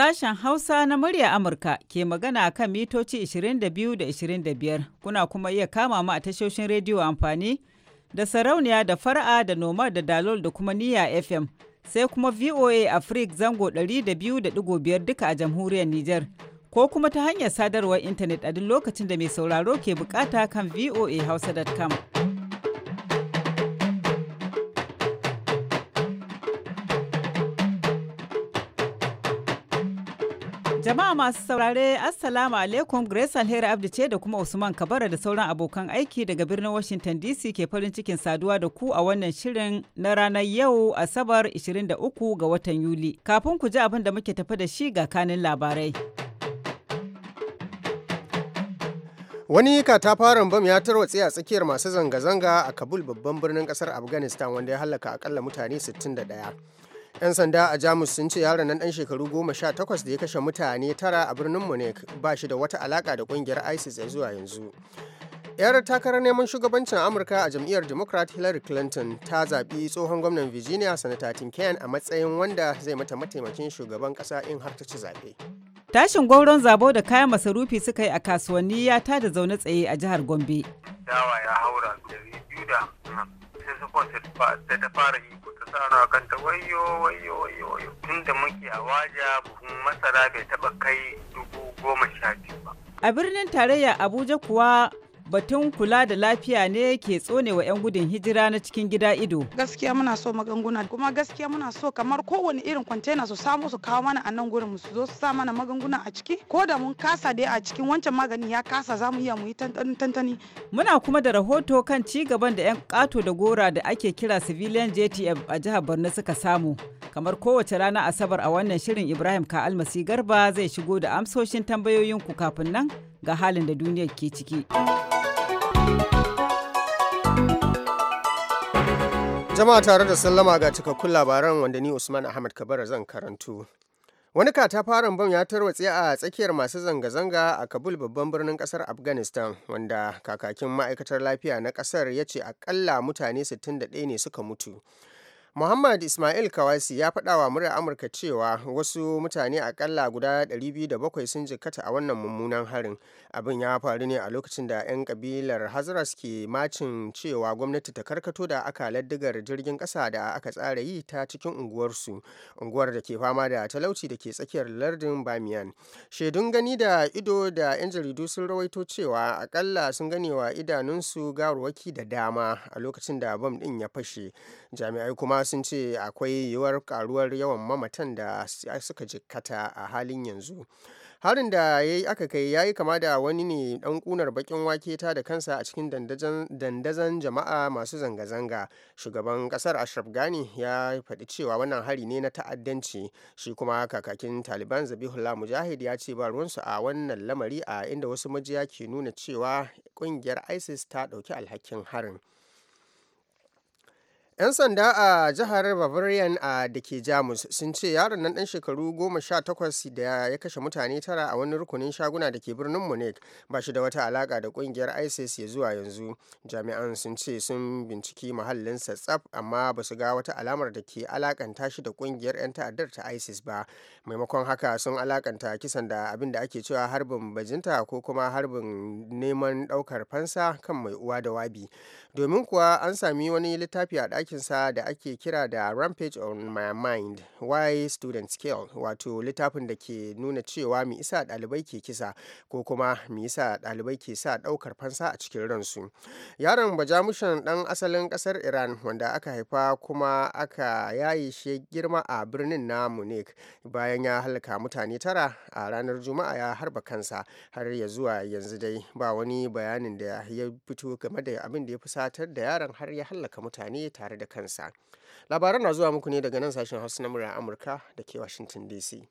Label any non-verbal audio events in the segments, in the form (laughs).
Sashen Hausa na murya Amurka ke magana a kan mitoci 22 da 25 kuna kuma iya kama mu a tashoshin rediyo amfani da sarauniya da fara'a da noma da dalol da kuma niya FM sai kuma VOA Africa zango 200.5 duka a jamhuriyar Nijar ko kuma ta hanyar sadarwar intanet a duk lokacin da mai sauraro ke bukata kan voahausa.com. Jama'a masu saurare Assalamu alaikum Grace Alheri Abdi ce da kuma Usman Kabara da sauran abokan aiki daga birnin Washington DC ke farin cikin saduwa da ku a wannan shirin na ranar yau Asabar 23 ga watan Yuli. Kafin ku ji abin da muke tafi da shi ga kanin labarai. Wani katafaren bam ya tarwatse a tsakiyar masu zanga-zanga a Kabul babban birnin kasar Afghanistan wanda ya halaka akalla mutane 61. 'yan sanda a jamus sun ce yaron nan dan shekaru goma sha takwas da ya kashe mutane tara a birnin munich ba shi da wata alaka da kungiyar isis ya zuwa yanzu yar takarar neman shugabancin amurka a jam'iyyar democrat hillary clinton ta zaɓi tsohon gwamnan virginia sanata tim a matsayin wanda zai mata mataimakin shugaban kasa in har ta ci zaɓe tashin gwauron zabo da kayan masarufi suka yi a kasuwanni ya da zaune tsaye a jihar gombe dawa ya haura da biyu da sai ta fara yi ta sa a kanta wayo wayo wayo wayo tun muke a waja buhun masara bai taba kai dubu goma sha biyu ba a birnin tarayya abuja kuwa batun kula da lafiya ne ke tsone wa 'yan gudun hijira na cikin gida ido. Gaskiya muna so magunguna kuma gaskiya muna so kamar kowane irin kwantena su samu su kawo mana a nan gurin su zo su sa mana magunguna a ciki ko da mun kasa dai a cikin wancan magani ya kasa za mu iya mu yi tantani. Muna kuma da rahoto kan ci gaban da 'yan kato da gora da ake kira civilian JTF a jihar Borno suka samu. Kamar kowace rana Asabar a wannan shirin Ibrahim Ka Almasi Garba zai shigo da amsoshin tambayoyinku kafin nan ga halin da duniyar ke ciki. Jama'a tare da sallama ga cikakkun labaran wanda ni Usman Ahmad Kabara zan karantu, Wani katafaren bom ya tarwatse a tsakiyar masu zanga-zanga a Kabul babban birnin kasar Afghanistan wanda kakakin ma'aikatar lafiya na kasar ya ce akalla mutane 61 ne suka mutu. Muhammad Ismail Kawasi ya faɗa wa murar Amurka cewa wasu mutane akalla guda 207 sun jikkata a wannan mummunan harin. Abin ya faru ne a lokacin da 'yan kabilar Hazras ke macin cewa gwamnati ta karkato da aka digar jirgin ƙasa da aka tsara yi ta cikin unguwarsu, unguwar da ke fama da talauci da ke tsakiyar lardin Bamiyan. Shaidun gani da ido da 'yan jaridu sun rawaito cewa akalla sun gane wa idanunsu gawarwaki da dama a lokacin da bam ɗin ya fashe. Jami'ai kuma sun ce akwai yiwuwar karuwar yawan mamatan da suka jikkata a halin yanzu harin da ya yi aka kai ya yi kama da wani ne dan kunar bakin wake ta da kansa a cikin dandazon jama'a masu zanga-zanga shugaban kasar ashraf gani ya faɗi cewa wannan hari ne na ta'addanci shi kuma kakakin taliban zabihullah mujahid ya ce ba ruwansu a wannan lamari a inda wasu majiya ke nuna cewa kungiyar isis ta ɗauki alhakin harin 'Yan sanda a jihar Bavarian a da ke Jamus sun ce yaron nan ɗan shekaru goma sha takwas da ya kashe mutane tara a wani rukunin shaguna da ke birnin Munich ba shi da wata alaka da kungiyar ISIS ya zuwa yanzu. Jami'an sun ce sun binciki muhallinsa tsaf amma ba su ga wata alamar da ke alakanta shi da ƙungiyar 'yan ta'addar ta ISIS ba. Maimakon haka sun alakanta kisan da abin da ake cewa harbin bajinta ko kuma harbin neman ɗaukar fansa kan mai uwa da wabi. Domin kuwa an sami wani littafi a ɗaki littafinsa da ake kira da rampage on my mind why students kill wato littafin da ke nuna cewa me isa dalibai ke kisa ko kuma me isa dalibai ke sa ɗaukar fansa a cikin ransu yaron bajamushan dan asalin kasar iran wanda aka haifa kuma aka yayi shi girma a birnin na munich bayan ya halaka mutane tara a ranar juma'a ya harba kansa har ya zuwa yanzu dai ba wani bayanin da ya fito game da abin da ya fusatar da yaron har ya hallaka mutane tare da kansa labaran na zuwa muku ne daga nan sashen hausa na murya amurka da ke washington dc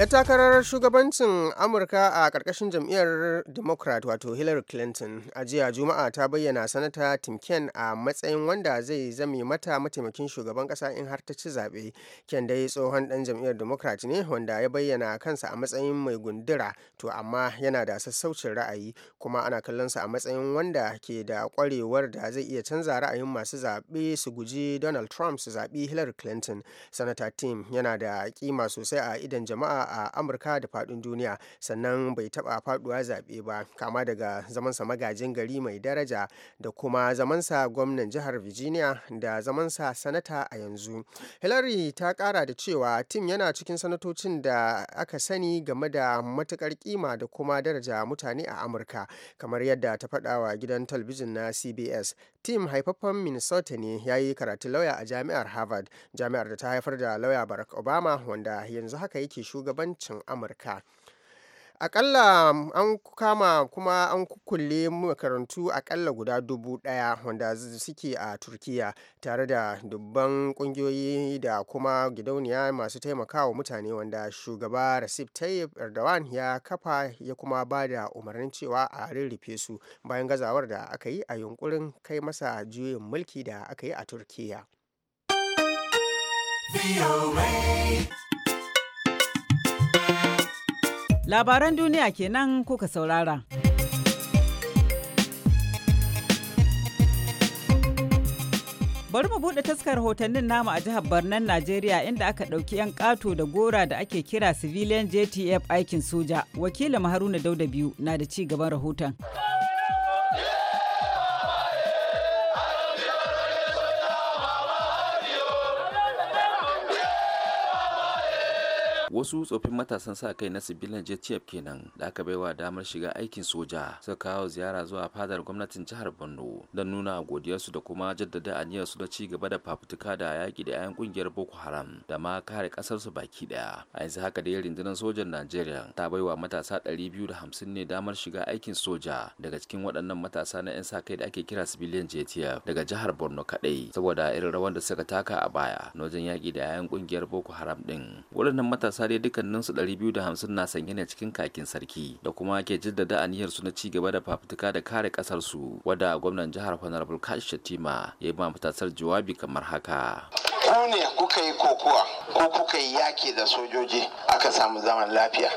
ya takarar shugabancin Amurka a ƙarƙashin jam'iyyar Democrat wato Hillary Clinton a jiya Juma'a ta bayyana Sanata Tim Ken a matsayin wanda zai zame mata mataimakin shugaban ƙasa in har ta ci zaɓe. Ken dai tsohon ɗan jam'iyyar Democrat ne wanda ya bayyana kansa a matsayin mai gundura to amma yana da sassaucin ra'ayi kuma ana kallon sa a matsayin wanda ke da kwarewar da zai iya canza ra'ayin masu zaɓe su guji Donald Trump su zaɓi Hillary Clinton. Sanata Tim yana da kima sosai a idan jama'a a amurka da faɗin duniya sannan bai taɓa faduwa zaɓe ba kama daga zamansa magajin gari mai daraja da kuma zamansa gwamnan jihar virginia da zamansa sanata a yanzu hillary ta kara da cewa tim yana cikin sanatocin da aka sani game da matukar kima da kuma daraja mutane a amurka kamar yadda ta faɗa wa gidan talbijin na cbs Tim haifaffen Minnesota ne ya yi karatu lauya a jami'ar Harvard, jami'ar da ta haifar da lauya Barack Obama wanda yanzu haka yake shugabancin Amurka. akalla an kama kuma an kukulle makarantu akalla guda dubu daya wanda suke a turkiya tare da dubban kungiyoyi da kuma gidauniya masu taimakawa mutane wanda shugaba recep tayyip erdogan ya kafa ya kuma ba da umarnin cewa a rirrife su bayan gazawar da aka yi a yunkurin kai masa juyin mulki da aka yi a turkiya Labaran duniya kenan kuka saurara. Bari mu buɗe taskar hotannin namu a jihar Barnan Najeriya inda aka ɗauki 'yan ƙato da gora da ake kira civilian JTF aikin soja. Wakilin Haruna Dauda biyu na da ci gaban rahoton. wasu tsofin matasan sa kai na sibilan jtf kenan da aka baiwa damar shiga aikin soja suka kawo ziyara zuwa fadar gwamnatin jihar borno don nuna godiyarsu da kuma jaddada aniyarsu da ci gaba da fafutuka da yaki da 'yan kungiyar boko haram da ma kare ƙasarsu baki ɗaya a yanzu haka dai rundunar sojan najeriya ta baiwa matasa 250 ne damar shiga aikin soja daga cikin waɗannan matasa na 'yan sa kai da ake kira sibilan jtf daga jihar borno kaɗai saboda irin rawar da suka taka a baya wajen yaki da 'yan ƙungiyar boko haram ɗin waɗannan matasa kusa dai dukkaninsu 250 na sanye ne cikin kakin sarki da kuma ke jaddada aniyar su na ci gaba da fafutuka da kare kasar su wadda gwamnan jihar honorable kashi shatima ya yi ma jawabi kamar haka ku ne kuka yi kokuwa ko kuka yi yaki da sojoji aka samu zaman lafiya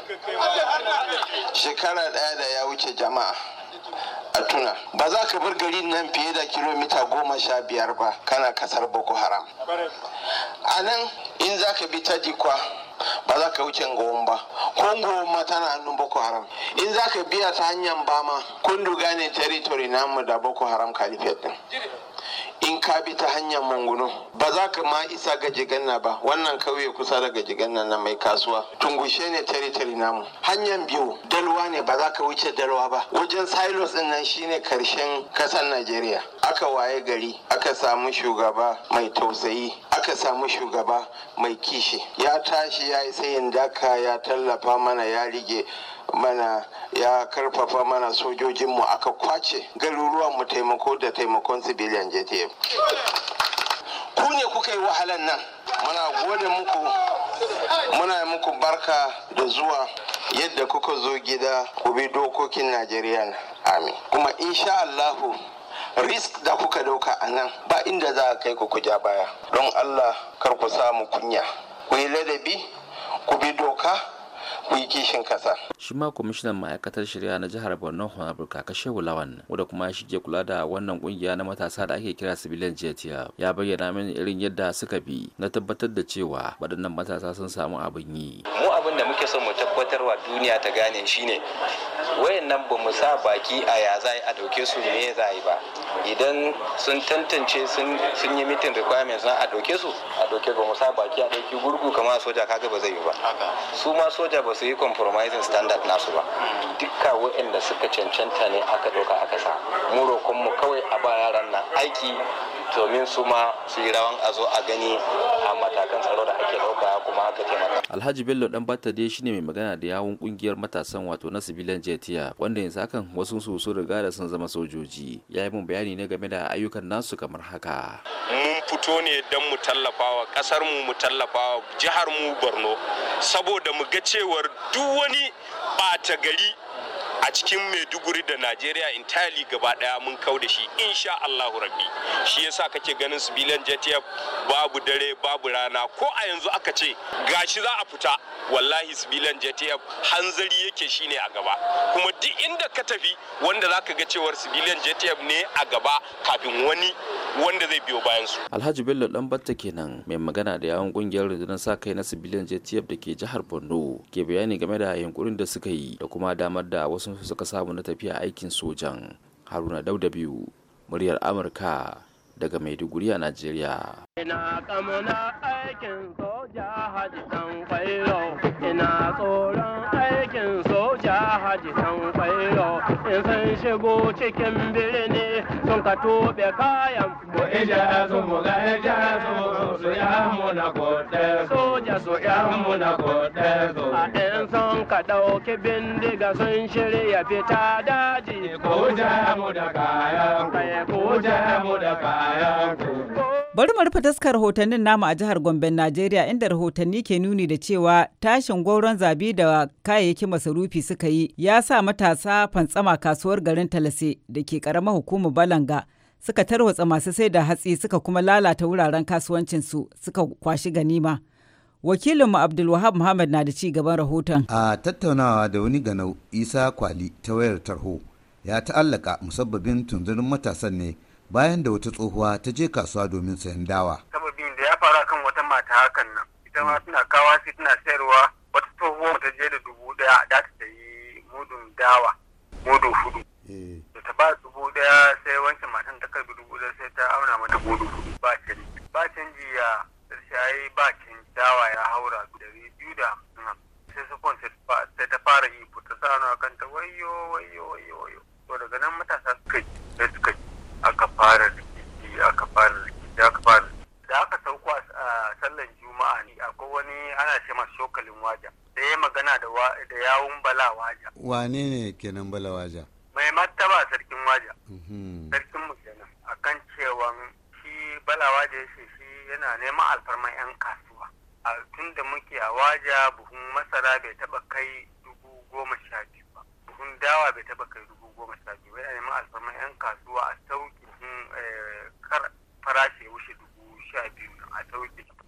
shekara daya da ya wuce jama'a a tuna ba za ka bar garin nan fiye da kilomita goma sha biyar ba kana kasar boko haram a nan in za ka bi ta jikwa ba za ka wuce ngowon ba ko ngowon ma tana hannun boko haram in za ka biya ta hanyar bama Kundu gane territory namu da boko haram kalifet din in ka bi ta hanyar mangunu ba za ka ma isa ga jiganna ba wannan kauye kusa da gajiganna na mai kasuwa tungushe ne teritori namu hanyar biyu dalwa ne ba za ka wuce dalwa ba wajen silos din nan shine karshen kasar najeriya aka waye gari aka samu shugaba mai tausayi aka samu shugaba mai kishi ya tashi ya yi sayin daka ya tallafa mana ya rige mana ya karfafa mana sojojinmu aka kwace garuruwan mu taimako da taimakon civilian jtf ku ne kuka yi wahalan nan muna gode muku muna muku barka da zuwa yadda kuka zo gida ku bi dokokin najeriya amin kuma insha allahu risk da kuka dauka a nan ba inda za a kai ku kuja baya don allah kar ku samu kunya ku yi ladabi ku bi doka ku yi kishin kasa shi ma kwamishinan ma'aikatar shari'a na jihar borno honorable kakashe wulawan wanda kuma shi ke kula da wannan kungiya na matasa da ake kira civilian jetiya ya bayyana mini irin yadda suka bi na tabbatar da cewa waɗannan matasa sun samu abin yi mu abin da muke son mu tabbatarwa duniya ta gane shine wayannan ba mu sa baki a ya zai a dauke su me yi ba idan sun tantance sun yi mitin requirements na a dauke su a dauke ba mu sa baki a dauki gurgu kamar soja kaga ba zai yi ba su ma soja ba su yi compromising standard standard nasu ba dukka wa'anda suka cancanta ne aka ɗauka aka sa mu roƙon mu kawai a ba yaran nan aiki domin su ma su yi rawan a zo a gani a matakan tsaro da ake ɗauka kuma aka taimaka. Alhaji Bello dan Batta dai shine mai magana da yawun kungiyar matasan wato na sibilan jetiya wanda yanzu hakan wasu su sun riga da sun zama sojoji ya yi mun bayani ne game da ayyukan nasu kamar haka. Mun fito ne don mu tallafawa kasar mu mu tallafawa jihar mu Borno saboda mu ga cewar duk wani bata gari a cikin maiduguri da najeriya entirely gaba daya mun kau da shi insha allahu rabbi shi yasa kake ganin civilian jtf babu dare babu rana ko a yanzu aka ce gashi za a fita wallahi civilian jtf hanzari yake shine a gaba kuma duk inda ka tafi wanda za ka ga cewar civilian jtf ne a gaba kafin wani wanda zai biyo bayan su alhaji bello dan batta kenan mai magana da yawon kungiyar rundunar sa kai na civilian jtf da ke jihar borno ke bayani game da yunkurin da suka yi da kuma damar da wasu suka samu na tafiya aikin sojan haruna dauda biyu muryar amurka daga maiduguri a najeriya ina kamuna aikin soja haji kwairo ina tsoron aikin soja haji kwairo in san shigo cikin birni sun ka tobe kayan mu ija su mu ga ija su su ya mu na kote soja su ya mu na kote a ɗin sun ka ɗauki bindiga sun shirya fita daji ko ja mu da kayan ku ja mu da kayan Bari mu rufe taskar rahotannin namu a jihar Gombe, Najeriya inda rahotanni ke nuni da cewa tashin gwauron zabi da kayayyakin masarufi suka yi ya sa matasa fantsama kasuwar garin Talase da ke karamar hukumar Balanga suka tarwatsa masu sai da hatsi suka kuma lalata wuraren kasuwancinsu suka kwashi ganima. Wakilinmu Abdulwahab Muhammad na da ci gaban rahoton. A tattaunawa da wani ganau Isa Kwali ta wayar tarho ya ta'allaka musabbabin tunzurin matasan ne bayan da wata tsohuwa ta je kasuwa domin sayan dawa. Sababin da ya faru akan wata mata hakan nan ita ma tana kawa sai tana sayarwa wata tsohuwa ta je da dubu daya da ta yi mudun dawa mudu hudu. Eh. Da ta ba dubu daya sai wancan matan ta karbi dubu daya sai ta auna mata mudu hudu ba canji. Ba canji ya shayi ba canji dawa ya haura dari biyu da hamsin sai su kwan sai ta fara yi ta sa kan ta wayo wayo wayo wayo. To daga nan matasa suka yi sai suka yi. aka fara rikici aka fara rikici aka fara da aka sauko a sallan juma'a ne akwai wani ana ce masa shokalin waja da ya magana da yawun bala waja wane ne kenan bala waja mai martaba sarkin waja mhm. sarkin mu kenan akan cewa shi bala waja ya ce shi yana neman alfarman yan kasuwa a tun da muke a waja buhun masara bai taba kai dubu goma sha biyu ba buhun dawa bai taba kai dubu goma sha biyu yana neman alfarman yan kasuwa a sauri.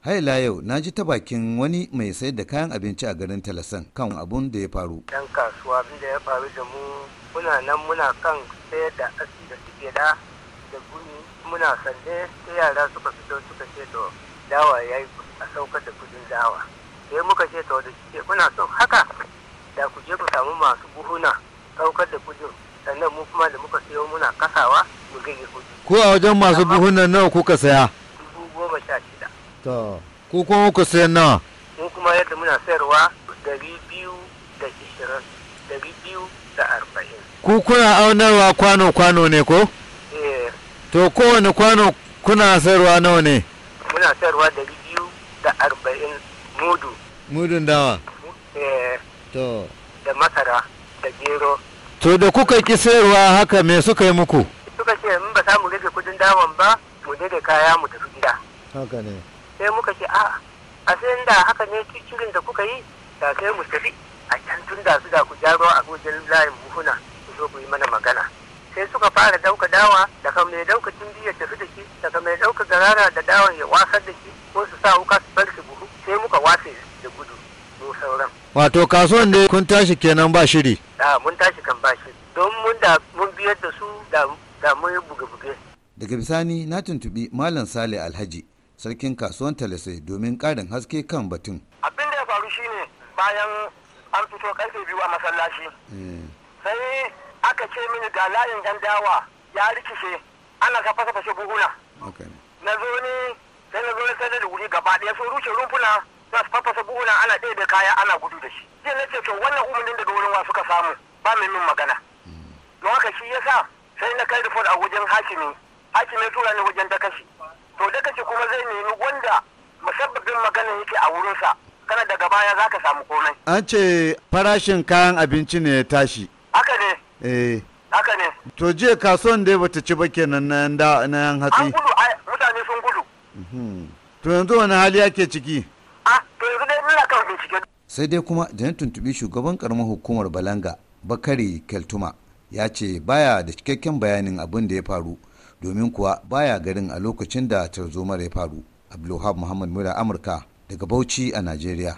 haila yau na ji ta bakin wani mai sayar da kayan abinci a garin talasan kan abun da ya faru ɗan kasuwa abin da ya faru da mu muna nan muna kan sayar da asi da suke da da guni muna sande ta yara suka fito suka ce to dawa ya yi a saukar da kudin dawa sai muka ce to da suke kuna son haka da ku je ku samu masu buhuna saukar da kudin sannan mu kuma da muka sayo muna kasawa mu gage kudi ko a wajen masu buhunan nawa kuka saya dubu goma sha to ko kuma ku sayan nawa mu kuma yadda muna sayarwa dari biyu da ishirin dari biyu da arba'in ku kuna aunarwa kwano kwano ne ko eh to kowane kwano kuna sayarwa nawa ne muna sayarwa dari biyu da arba'in mudu mudun dawa eh to da masara da gero to da kuka ki sayarwa haka me suka yi muku suka ce mun ba samu rage kudin dawon ba mu da kaya mu tafi gida haka ne sai muka ce a a sai da haka ne cikin da kuka yi da kai mu tafi a can tun da su da ku jaro a gojin layin buhuna ku zo ku yi mana magana sai suka fara dauka dawa daga mai dauka tumbi ya tafi da shi daga mai dauka garara da dawan ya wasar da shi ko su sa wuka su bar su buhu sai muka wase da gudu mu sauran wato kasuwan ne kun tashi kenan ba shiri da mun tashi kan ba shiri don mun da mun biyar da su da da mun buge-buge daga bisani na tuntubi malam sale alhaji sarkin kasuwan talase domin karin haske kan batun abin da ya faru shine bayan an fito karfe biyu a masallaci eh. sai aka ce mini ga layin yan dawa ya rikice ana ka fasa fashe buhuna na zo ne sai na zo na sai da wuri gaba ɗaya sun rushe rumfuna za su fafasa buhuna ana ɗaya da kaya ana gudu da shi jiya na ce to wannan umarnin daga wurin wa suka samu ba mai min magana hmm. don haka shi sa sai na kai report a wajen hakimi hakimi tura ni wajen dakashi to da kace kuma zai nemi wanda musabbabin magana yake a wurinsa kana daga baya za ka samu komai an ce farashin kayan abinci ne ya tashi haka ne eh haka ne to jiya kasuwan dai bata ci ba kenan na da na yan hatsi an gudu mutane sun gudu mhm. to yanzu wani hali yake ciki a to yanzu dai ina kan bincike sai dai kuma da na tuntubi shugaban karamar hukumar balanga bakari keltuma ya ce baya da cikakken bayanin abin da ya faru domin kuwa baya garin a lokacin da tarzomar ya faru abdulhab muhammad mura amurka daga bauchi a najeriya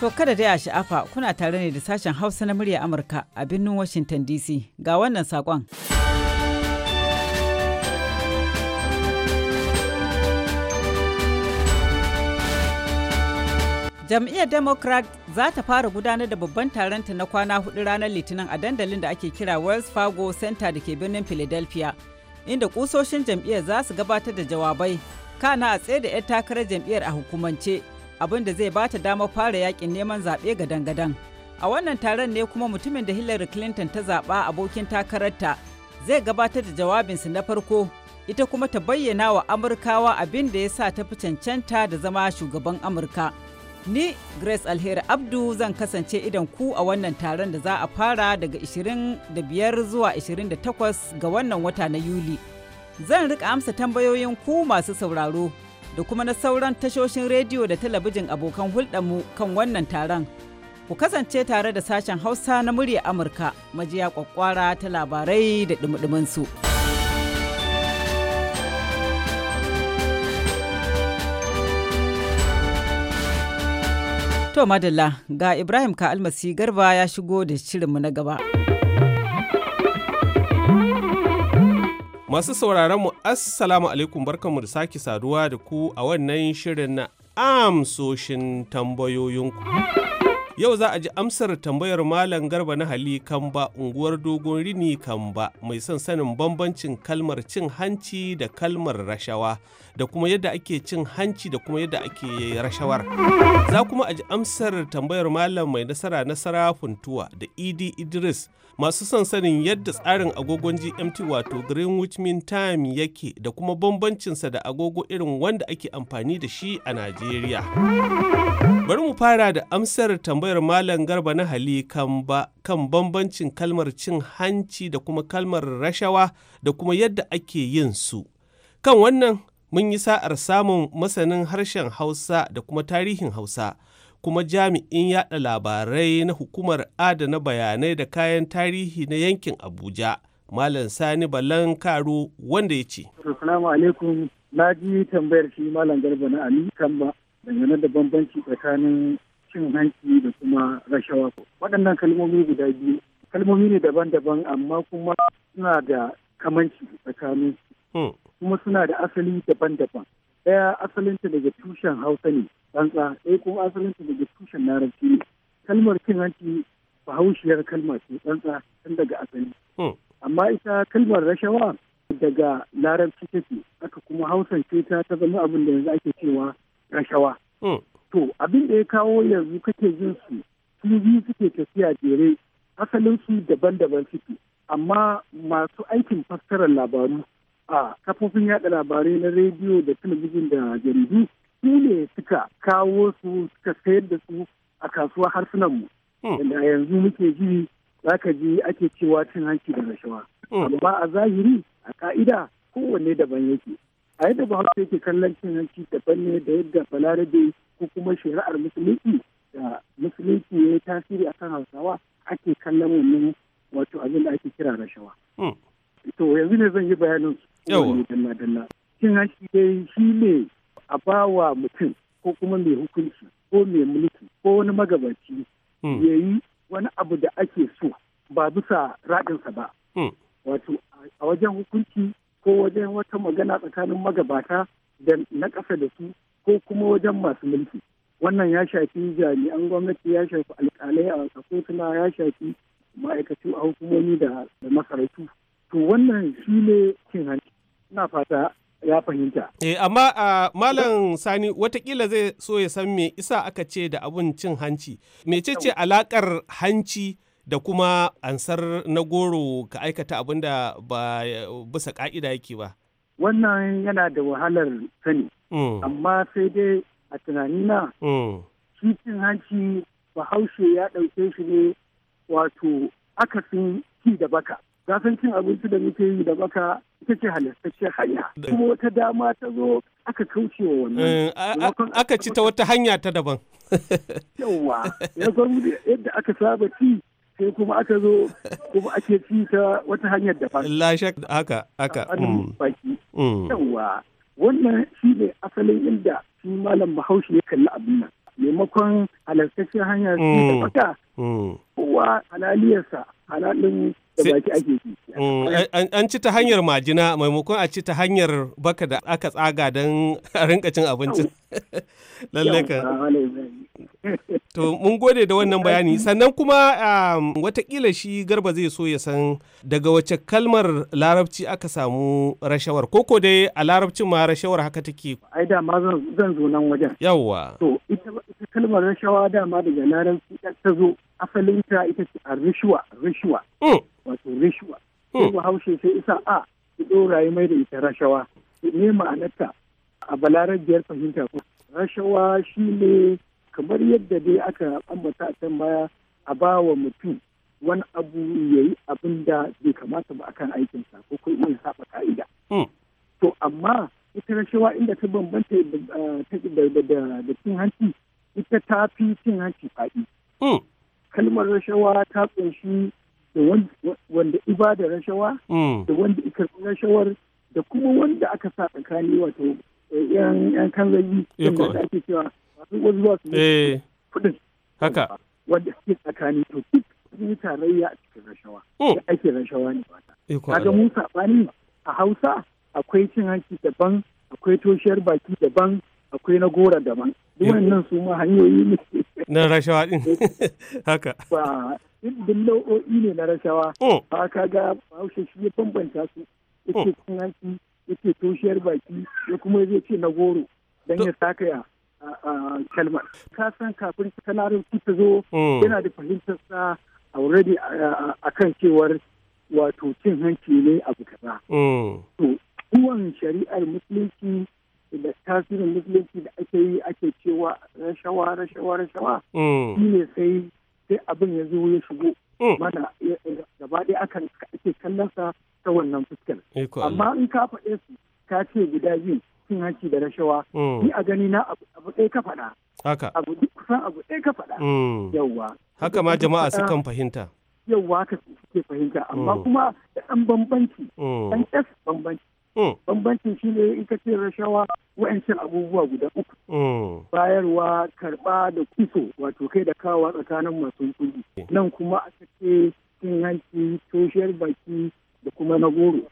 To kada dai a sha'afa kuna tare ne da sashen Hausa na murya Amurka a birnin Washington DC ga wannan saƙon. jam'iyyar democrat za ta fara gudanar da babban taronta na kwana hudu ranar litinin a dandalin da ake kira wells fargo center da ke birnin philadelphia inda kusoshin jam'iyyar za su gabatar da jawabai kana a tsaye da 'yan takarar jam'iyyar a hukumance abin da zai bata damar fara yakin neman zaɓe ga dangadan a wannan taron ne kuma mutumin da hillary clinton ta zaɓa abokin takararta zai gabatar da jawabinsa na farko ita kuma ta bayyana wa amurkawa abin da ya sa ta fi cancanta da zama shugaban amurka Ni Grace Alheri Abdu zan kasance idan ku a wannan taron da za a fara daga 25 zuwa 28 ga wannan wata na Yuli. Zan rika amsa tambayoyin ku masu sauraro da kuma na sauran tashoshin rediyo da talabijin abokan hulɗarmu kan wannan taron. Ku kasance tare da sashen Hausa na murya Amurka, majiya kwakwara ta labarai da ɗumuɗuminsu. su. To madalla ga Ibrahim ka almasi garba ya shigo da shirinmu na gaba. Masu sauraronmu mu Assalamu alaikum barkanmu da sake saduwa da ku a wannan shirin na amsoshin tambayoyinku. Yau za a ji amsar tambayar Malam Garba na Hali Kamba unguwar Dogon Rini Kamba mai son sanin bambancin kalmar cin hanci da kalmar rashawa da kuma yadda ake cin hanci da kuma yadda ake rashawar. Za kuma a ji amsar tambayar Malam mai nasara nasara funtuwa da Idi Idris masu son sanin yadda tsarin agogon GMT wato Greenwich Mean Time yake da kuma bambancinsa da agogo irin wanda ake amfani da shi a Najeriya. Bari mu fara da amsar tambayar koyar Malam Garba na Hali kan bambancin kalmar cin hanci da kuma kalmar rashawa da kuma yadda ake yin su. Kan wannan mun yi sa'ar samun masanin harshen Hausa da kuma tarihin Hausa, kuma jami'in yaɗa labarai na hukumar adana bayanai da kayan tarihi na yankin Abuja, Malam Sani Balan Karo wanda ya ce. na ji tambayar shi Malam Garba na Ali kan ba dangane da bambanci tsakanin cin hanci da kuma rashawa waɗannan kalmomi guda biyu kalmomi ne daban-daban amma kuma suna da kamanci tsakanin hmm. kuma suna da asali daban-daban ɗaya ta daga tushen hausa ne tsantsa ɗaya kuma ta daga tushen larabci ne kalmar cin hanci bahaushiyar kalma ce tsantsa tun daga asali hmm. amma ita kalmar rashawa daga larabci take aka kuma hausance ta ta zama abin da yanzu ake cewa rashawa hmm. to abin da ya kawo yanzu kake jin su sun yi suke tafiya jere asalin su daban-daban suke amma masu aikin fassarar labaru a kafofin yada labarai na rediyo da talabijin da jaridu su ne suka kawo su suka sayar da su a kasuwa mu hmm. da yanzu muke ji za ka ji ake cewa cin hanci da rashawa hmm. amma a zahiri a ka'ida kowanne daban yake a yadda bahaushe yake kallon cin hanci daban ne da yadda balarabe ko kuma shari'ar musulunci da musulunci ya yi tasiri a kan hausawa ake kallon wannan wato abin da ake kira rashawa. Hmm. To yanzu ne zan yi bayanin su danna Cin hanci dai shi ne a bawa mutum ko kuma mai hukunci ko mai mulki ko wani magabaci hmm. ya yi wani abu da ake so ba bisa raɗinsa ba. Hmm. Wato a wajen hukunci ko wajen wata magana tsakanin magabata da na ƙasa da su ko kuma wajen masu mulki wannan ya shafi jami'an gwamnati ya shafi alkalai a kotuna ya shafi ma'aikatu a hukumomi da masarautu to wannan shi ne cin hanci ina fata ya fahimta. Eh, amma a malam sani watakila zai so ya san me isa aka ce da abun cin hanci ce alakar hanci da kuma ansar na goro ka aikata abin da ba bisa ka'ida yake ba. Wannan yana da wahalar sani Mm. amma sai dai a tunanina shi mm. cin hanci bahaushe ya ɗauke shi ne wato akasin ci da baka gasan cin abinci da muke yi da baka ita ce halittacciyar hanya kuma wata dama ta zo aka kauce wa wannan eh, aka ci ta wata hanya ta daban (laughs) ya yawa yadda aka saba ci sai kuma aka zo kuma ake ci ta wata hanyar da fara. La haka haka. Mm. yawwa wannan shi ne asalin inda shi malam bahaushe ya kalli abin nan maimakon halartacciyar hanya su da mm. fata mm. kowa halaliyarsa halalin Mm, an ci ta hanyar majina maimakon a ci ta hanyar baka da aka tsaga don a rinka cin abincin. (laughs) Lalle To mun gode da wannan bayani sannan kuma um, watakila shi garba zai so ya san daga wace kalmar larabci aka samu rashawar koko dai a larabcin ma rashawar haka take. Ai dama zan zo nan wajen. Yawwa. To ita kalmar rashawa dama daga larabci ta zo asalinta ita ce a rishuwa rishuwa hmm. wato rishuwa hmm. sai haushe sai isa a ki yi mai da ita rashawa ne ma'anarta a biyar fahimta ko rashawa shine kamar yadda dai aka ambata a can baya a ba wa mutum wani abu ya yi abin da bai kamata ba akan aikinsa ko ko iya saba ka'ida hmm. to amma ita rashawa inda ta bambanta ah, da cin hanci ita ta fi cin hanci faɗi kalmar rashawa ta ƙunshi da wanda iba da rashawa mm. da wanda ikar rashawar da kuma wanda aka sa tsakani wato eh, yan kan zai eh, da ake cewa masu wanzuwa su ne eh. kudin haka wanda ke tsakani to duk sun tarayya a cikin rashawa mm. da ake rashawa ne ba ta mun saɓani a hausa akwai cin hanci daban akwai toshiyar baki daban akwai na gora daban duk nan su ma hanyoyi ne (laughs) na rashawa din (laughs) haka ba nau'o'i ne na rashawa oh. ba ka ga bahaushe shi ya bambanta su yake oh. cin hanci yake toshiyar baki ya kuma zai ce na goro dan ya saka ya kalmar ka san kafin kanarin ta zo oh. yana da fahimtar sa already a kan cewar wato cin hanci ne abu kaza to kuwan shari'ar musulunci da tasirin musulunci da ake yi ake cewa rashawa rashawa rashawa mm. shi ne sai sai abin ya zo ya shigo mm. mana gaba ɗaya akan ake kallon sa ta wannan fuskar eh, amma in ka faɗe su ka ce guda biyu cin hanci da rashawa mm. ni a gani na abu ɗaya ka faɗa haka abu duk kusan abu ɗaya ka faɗa yawwa haka ma jama'a sukan fahimta yawwa ka suke fahimta amma kuma da ɗan bambanci ɗan ɗas bambanci Oh. bambancin shi ne ita ce rashawa wa'ancin abubuwa guda uku oh. bayarwa karɓa da kuso wato kai da kawa tsakanin masu kudi. Oh. nan kuma aka ce cin hanci toshiyar baki da kuma na goro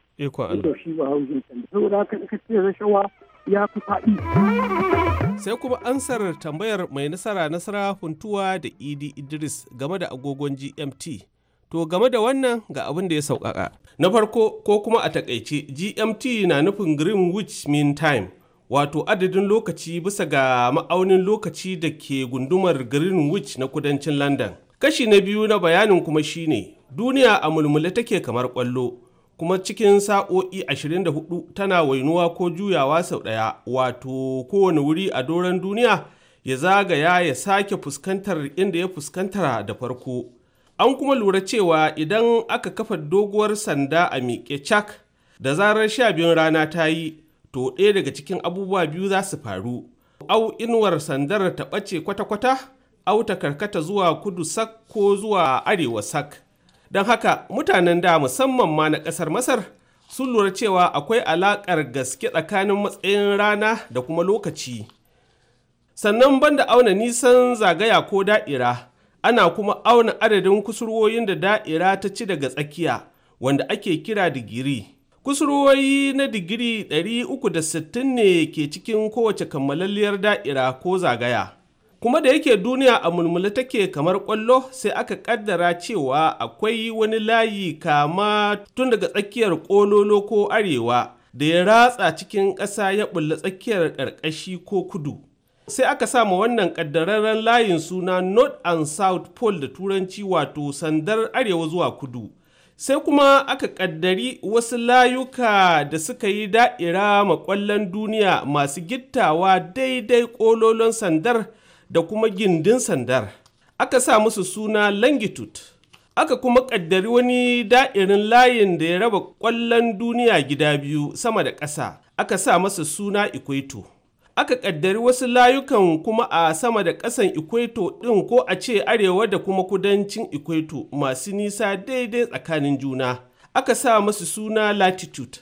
da shi ba haushin can saboda haka ita ce rashawa ya fi faɗi. sai kuma ansar tambayar mai nasara nasara huntuwa da idi idris game da agogon gmt To game da wannan ga abin da ya sauƙaƙa. Na farko ko kuma a takaice GMT na nufin Greenwich Mean Time, wato adadin lokaci bisa ga ma'aunin lokaci da ke gundumar Greenwich na kudancin London. Kashi na biyu na bayanin kuma shine duniya a mulmule take kamar ƙwallo, kuma cikin sa'o'i 24 tana wainuwa ko juyawa sau ɗaya, wato kowane wuri a doron duniya ya zagaya ya sake fuskantar inda ya fuskantara da farko. An kuma lura cewa idan aka kafa doguwar sanda a miƙe cak da zarar sha biyun rana ta yi, to ɗaya daga cikin abubuwa biyu za su faru. Au inuwar sandar ta ɓace kwata-kwata, au ta karkata zuwa kudu sak ko zuwa arewa sak. Don haka mutanen da musamman ma na ƙasar Masar sun lura cewa akwai alaƙar gaske tsakanin matsayin rana da kuma lokaci. Sannan banda auna nisan zagaya ko da'ira, ana kuma auna adadin kusurwoyin da da'ira ta ci daga tsakiya wanda ake kira digiri. Kusurwoyi na digiri 360 ne ke cikin kowace kammalalliyar da'ira ko zagaya. Kuma da yake duniya a mulmula take kamar ƙwallo sai aka ƙaddara cewa akwai wani layi kama tun daga tsakiyar ƙololo ko arewa da ya ratsa cikin ƙasa ya ɓulla tsakiyar ƙarƙashi ko kudu. sai aka sama wannan ƙaddararren layin suna north and south pole da turanci wato sandar arewa zuwa kudu sai kuma aka ƙaddari wasu layuka da suka yi da'ira makwallon duniya masu gittawa daidai ƙololon sandar da kuma gindin sandar aka sa musu suna longitude aka kuma ƙaddari wani da'irin layin da ya raba ƙwallon duniya gida biyu sama da ƙasa aka sa masa suna equator aka ƙaddari wasu layukan kuma a sama da ƙasan ikweto ɗin ko a ce arewa da kuma kudancin ikweto masu nisa daidai tsakanin juna aka sa masu suna latitude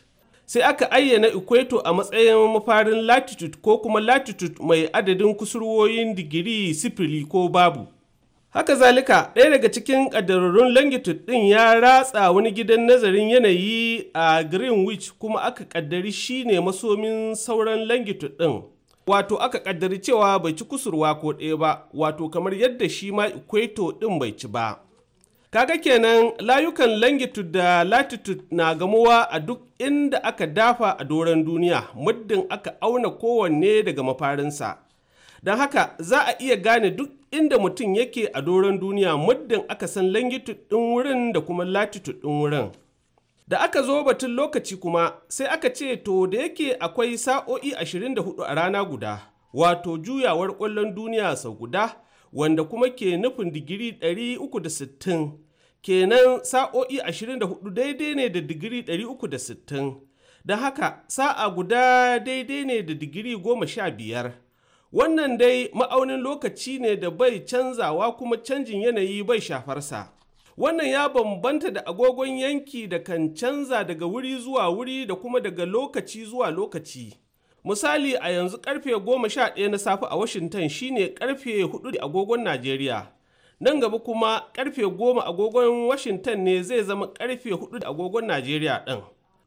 sai aka ayyana ikweto a matsayin mafarin latitude ko kuma latitude mai adadin kusurwoyin digiri sifili ko babu haka zalika ɗaya daga cikin ƙaddararrun longitude ɗin ya ratsa wani gidan nazarin yanayi a greenwich kuma aka ƙaddari shine masomin sauran longitude ɗin wato aka kaddari cewa bai ci kusurwa ko ɗaya ba wato kamar yadda shi ma ikweto ɗin bai ci ba kaga kenan layukan longitude da Latitud na gamuwa a duk inda aka dafa a doron duniya muddin aka auna kowanne daga mafarinsa don haka za a iya gane duk inda mutum yake a doron duniya muddin aka san longitude ɗin wurin da kuma latitude ɗin wurin Da aka zo batun lokaci kuma sai aka ce to da yake akwai sa'o'i 24 a rana guda, wato juyawar ƙwallon duniya sau guda, wanda kuma ke nufin digiri 360, kenan sa'o'i 24 daidai ne da digiri 360, don haka sa'a guda daidai ne da digiri sha biyar, Wannan dai ma'aunin lokaci ne da bai canzawa kuma canjin yanayi bai shafarsa. wannan ya bambanta da agogon yanki da kan canza daga wuri zuwa wuri da kuma daga lokaci zuwa lokaci misali a yanzu karfe 11 na safe a washington shine karfe 4 agogon najeriya nan gaba kuma karfe 10 agogon washington ne zai zama karfe 4 agogon najeriya ɗin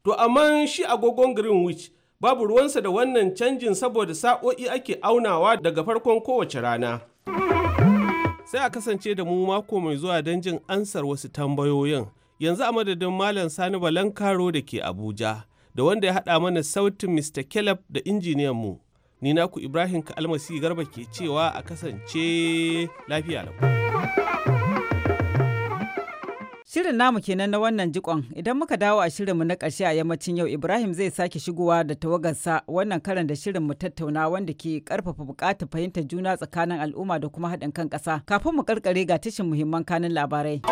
to amma shi agogon greenwich babu ruwansa da wannan canjin saboda sa'o'i ake aunawa daga farkon kowace rana sai a kasance da mu mako mai zuwa don jin ansar wasu tambayoyin yanzu a madadin malam sani balankaro da ke abuja da wanda ya haɗa mana sautin mr caleb da injiniyan mu ni naku ibrahim ka almasi garba ke cewa a kasance lafiya lafiya Shirin namu kenan na wannan jikon idan muka dawo a shirinmu na ƙarshe a yammacin yau Ibrahim zai sake shigowa da tawagarsa wannan karan da shirin mu tattauna wanda ke ƙarfafa buƙatar fahimtar juna tsakanin al'umma da kuma haɗin kan ƙasa. Kafin mu karkare ga tashin muhimman kanin labarai.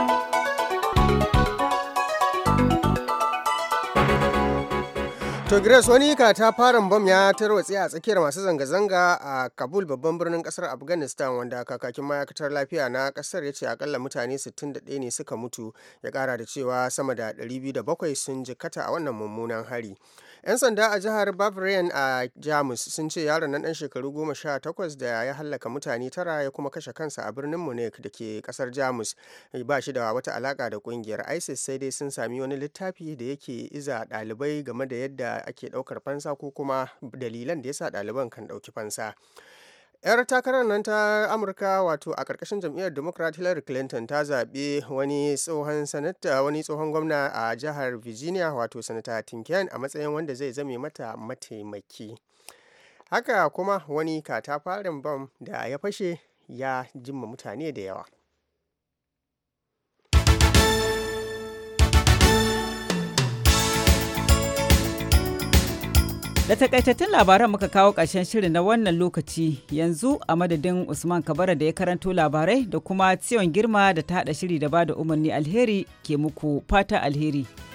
To Grace wani fara bom ya tarwatse a tsakiyar masu zanga-zanga a Kabul babban birnin kasar Afghanistan wanda kakakin ma'aikatar lafiya na kasar ya ce akalla mutane 61 ne suka mutu ya kara da cewa sama da 207 sun jikata a wannan mummunan hari. 'Yan sanda a jihar Bavarian a Jamus sun ce yaron na dan shekaru goma sha takwas da ya hallaka mutane tara ya kuma kashe kansa a birnin Munich da ke kasar Jamus eh, ba shi da wata alaka da ƙungiyar ISIS sai dai sun sami wani littafi da yake iza ɗalibai game da yadda ake ɗaukar fansa ko kuma dalilan da yasa ɗaliban kan ɗauki fansa. 'yar takarar nan ta amurka wato a ƙarƙashin jam'iyyar democrat hillary clinton ta zaɓi wani tsohon sanata wani tsohon gwamna a jihar virginia wato sanata tinken a matsayin wanda zai zame mata mataimaki haka kuma wani katafarin bam da ya fashe ya jimma mutane da yawa Da takaitattun labaran muka kawo ƙarshen shirin na wannan lokaci yanzu a madadin Usman Kabara da ya karanto labarai da kuma Tsiyon Girma da ta haɗa shiri da bada umarni alheri ke muku fata alheri.